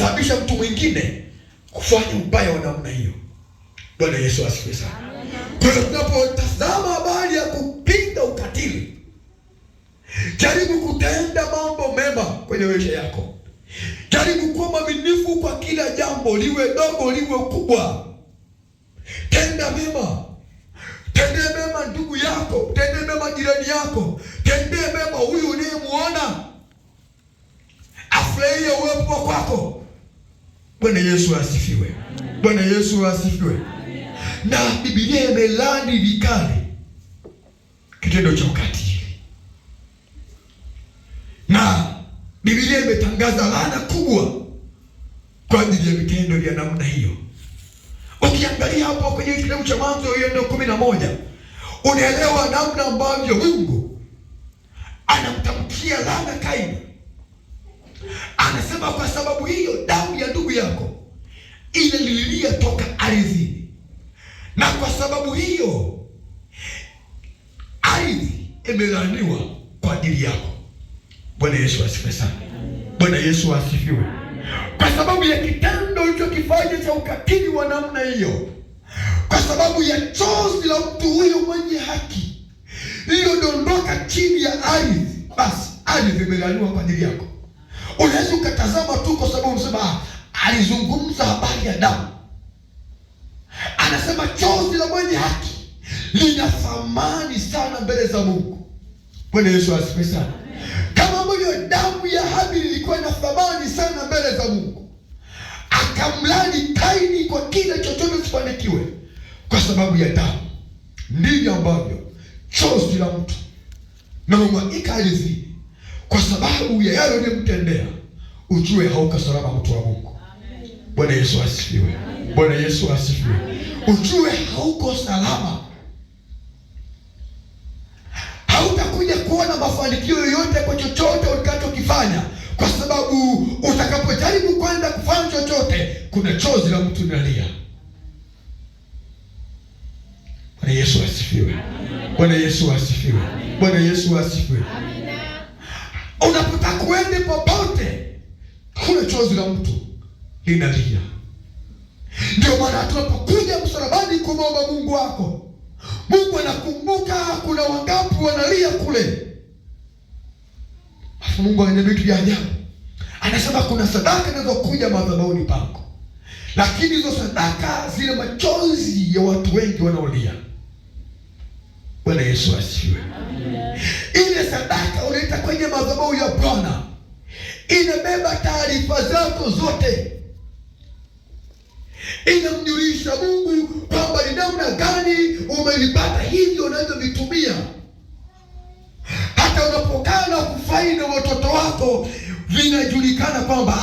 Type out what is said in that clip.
kumsababisha mtu mwingine kufanya ubaya wa namna hiyo. Bwana Yesu asifiwe sana. Kwa hiyo tunapotazama habari ya kupinga ukatili, jaribu kutenda mambo mema kwenye maisha yako, jaribu kuwa mwaminifu kwa kila jambo, liwe dogo liwe kubwa. Tenda mema, tendee mema ndugu yako, tendee mema jirani yako, tendee mema huyu unayemuona afurahie uwepo kwako. Bwana Yesu asifiwe. Bwana Yesu asifiwe. Na Biblia imelani vikali kitendo cha ukatili, na Biblia imetangaza laana kubwa kwa ajili ya vitendo vya namna hiyo. Ukiangalia hapo kwenye kitabu cha Mwanzo hiyo ndio kumi na moja unaelewa namna ambavyo Mungu anamtamkia laana Kaini. miungu yako ile lililia toka ardhini, na kwa sababu hiyo ardhi imelaaniwa kwa ajili yako. Bwana Yesu asifiwe sana. Bwana Yesu asifiwe. Kwa sababu ya kitendo ulichokifanya cha ukatili wa namna hiyo, kwa sababu ya chozi la mtu huyo mwenye haki iliyodondoka chini ya ardhi, basi ardhi imelaaniwa kwa ajili yako. Unaweza ukatazama tu alizungumza habari ya damu, anasema chozi la mwenye haki lina thamani sana mbele za Mungu. Bwana Yesu asifiwe sana. Kama ambavyo damu ya Habili ilikuwa na thamani sana mbele za Mungu, akamlani Kaini kwa kila chochote sifanikiwe kwa sababu ya damu, ndivyo ambavyo chozi la mtu na umwagika ardhini kwa sababu ya yale uliyomtendea, ujue hauka salama mtu wa Bwana Yesu asifiwe. Bwana Yesu asifiwe. Ujue hauko salama, hautakuja kuona mafanikio yoyote kwa chochote utakachokifanya, kwa sababu utakapojaribu kwenda kufanya chochote, kuna chozi la mtu nalia. Bwana Yesu asifiwe. Bwana Yesu asifiwe. Bwana Yesu asifiwe. Unapotaka kuende popote, kuna chozi la mtu inalia. Ndio maana tunapokuja msalabani kumwomba Mungu wako, Mungu anakumbuka kuna wangapi wanalia kule, Afu Mungu ana vitu vya ajabu. Anasema kuna sadaka zinazokuja madhabahuni pako, lakini hizo sadaka zile machozi ya watu wengi wanaolia. Bwana Yesu asifiwe. Ile sadaka unaita kwenye madhabahu ya Bwana inabeba taarifa zako zote inamjulisha Mungu kwamba ni namna gani umelipata hivyo unavyovitumia. Hata unapokaa na kufaida watoto wako, vinajulikana kwamba